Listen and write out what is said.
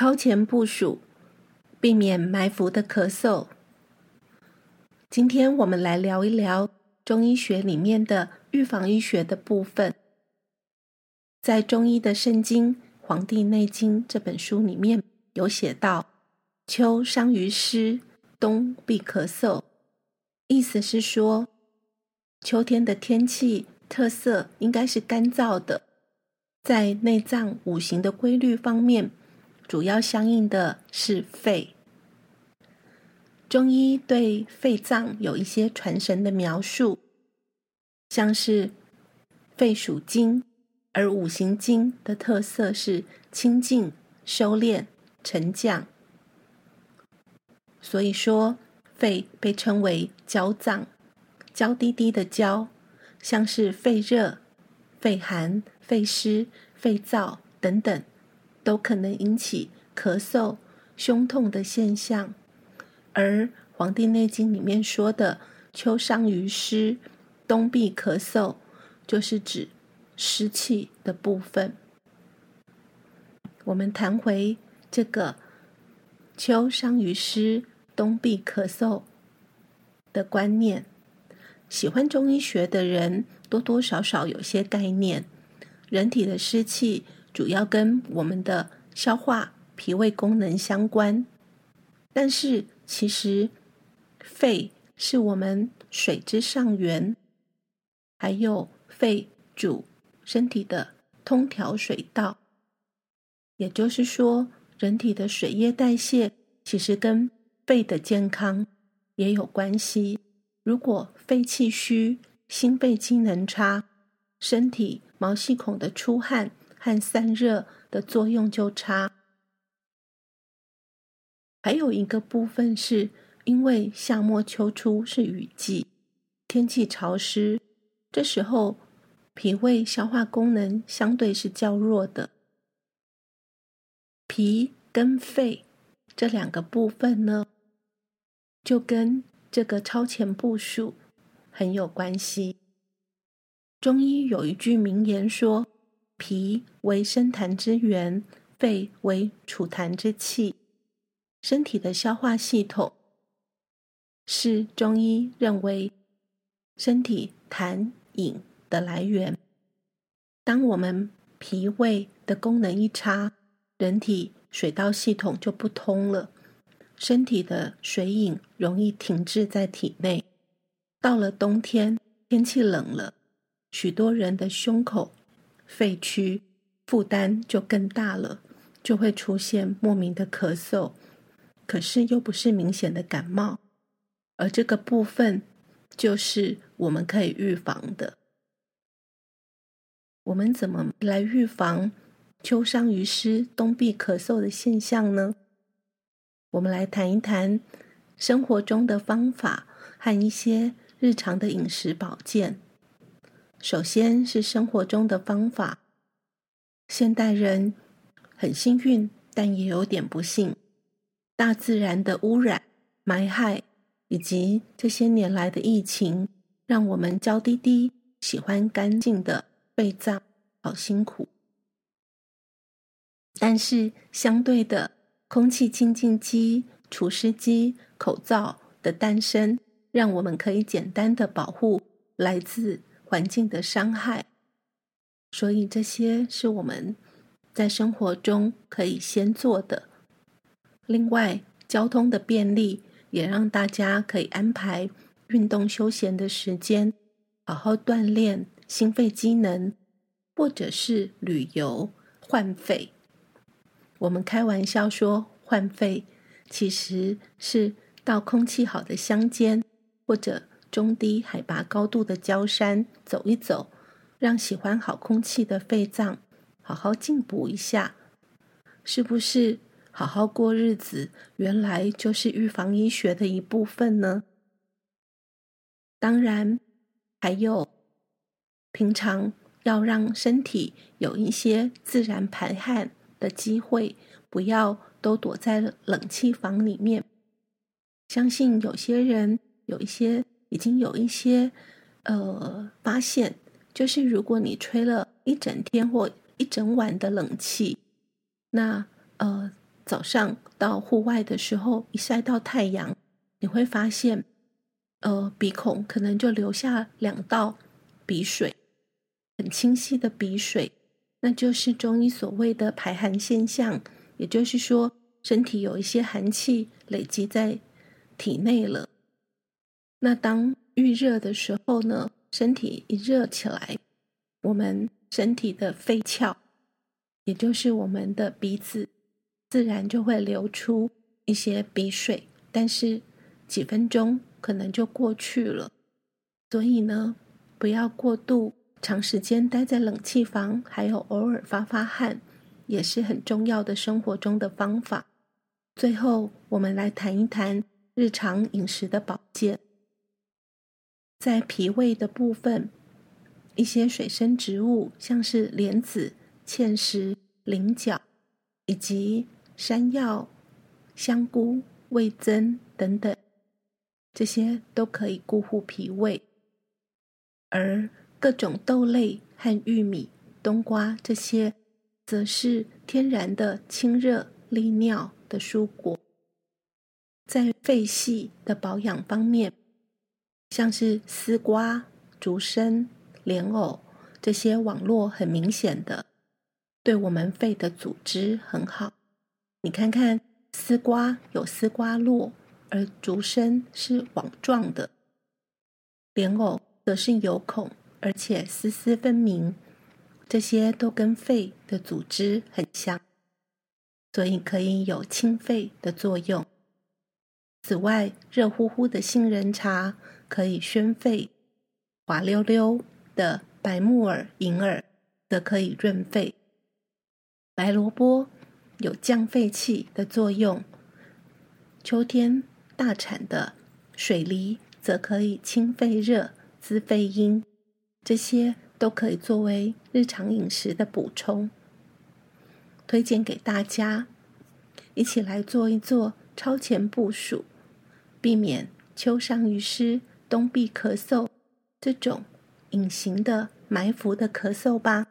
超前部署，避免埋伏的咳嗽。今天我們來聊一聊中醫學裡面的預防醫學的部分。在中醫的聖經《黃帝內經》這本書裡面有寫到：“秋傷於濕，冬必咳嗽。”意思是說，秋天的天氣特色應該是乾燥的。在內臟五行的規律方面，主要相應的是肺。中醫對肺臟有一些傳神的描述，像是肺屬金，而五行金的特色是清淨、收斂、沉降。所以說，肺被稱為嬌臟，嬌滴滴的嬌，像是肺熱、肺寒、肺濕、肺燥等等。都可能引起咳嗽、胸痛的現象，而《黃帝內經》裡面說的“秋傷於濕，冬必咳嗽”，就是指濕氣的部分。我們談回這個“秋傷於濕，冬必咳嗽”的觀念，喜歡中醫學的人多多少少有些概念，人體的濕氣。主要跟我們的消化脾胃功能相關，但是其實肺是我們水之上源，還有肺主身體的通調水道，也就是說，人體的水液代謝其實跟肺的健康也有關係。如果肺氣虛，心肺機能差，身體毛細孔的出汗，和散熱的作用就差。還有一個部分是因為夏末秋初是雨季，天氣潮濕，這時候脾胃消化功能相對是較弱的。脾跟肺這兩個部分呢，就跟這個超前部署很有關係。中醫有一句名言說。脾為生痰之源，肺為貯痰之器。身體的消化系統是中醫認為身體痰飲的來源。當我們脾胃的功能一差，人體水道系統就不通了，身體的水飲容易停滯在體內。到了冬天，天氣冷了，許多人的胸口。肺區負擔就更大了，就會出現莫名的咳嗽，可是又不是明顯的感冒，而這個部分就是我們可以預防的。我們怎麼來預防秋傷於濕、冬必咳嗽的現象呢？我們來談一談生活中的方法和一些日常的飲食保健。首先是生活中的方法。現代人很幸運，但也有點不幸。大自然的污染、霾害，以及這些年來的疫情，讓我們嬌滴滴、喜歡乾淨的肺臟，好辛苦。但是相對的，空氣清淨機、除濕機、口罩的誕生，讓我們可以簡單的保護來自。環境的傷害，所以這些是我們在生活中可以先做的。另外，交通的便利也讓大家可以安排運動休閒的時間，好好鍛鍊心肺機能，或者是旅遊換肺。我們開玩笑說換肺，其實是到空氣好的鄉間或者。中低海拔高度的郊山走一走，讓喜歡好空氣的肺臟好好進補一下。是不是好好過日子原來就是預防醫學的一部分呢？當然，還有平常要讓身體有一些自然排汗的機會，不要都躲在冷氣房裡面。相信有些人有一些。已經有一些呃發現，就是如果你吹了一整天或一整晚的冷氣，那呃早上到戶外的時候，一曬到太陽，你會發現呃鼻孔可能就留下兩道鼻水，很清晰的鼻水，那就是中醫所謂的排寒現象，也就是說身體有一些寒氣累積在體內了。那當遇熱的時候呢，身體一熱起來，我們身體的肺竅，也就是我們的鼻子，自然就會流出一些鼻水。但是幾分鐘可能就過去了，所以呢，不要過度長時間待在冷氣房，還有偶爾發發汗，也是很重要的生活中的方法。最後，我們來談一談日常飲食的保健。在脾胃的部分，一些水生植物，像是蓮子、芡實、菱角，以及山藥、香菇、味噌等等，這些都可以顧護脾胃。而各種豆類和玉米、冬瓜這些，則是天然的清熱利尿的蔬果。在肺系的保養方面。像是絲瓜、竹笙、蓮藕這些網絡很明顯的，對我們肺的組織很好。你看看，絲瓜有絲瓜絡，而竹笙是網狀的，蓮藕則是有孔而且絲絲分明，這些都跟肺的組織很像，所以可以有清肺的作用。此外，熱乎乎的杏仁茶，可以宣肺，滑溜溜的白木耳、銀耳，則可以潤肺；白蘿蔔有降肺氣的作用。秋天大產的水梨，則可以清肺熱、滋肺陰。這些都可以作為日常飲食的補充，推薦給大家，一起來做一做超前部署，避免秋傷於濕。冬必咳嗽，這種隱形的埋伏的咳嗽吧。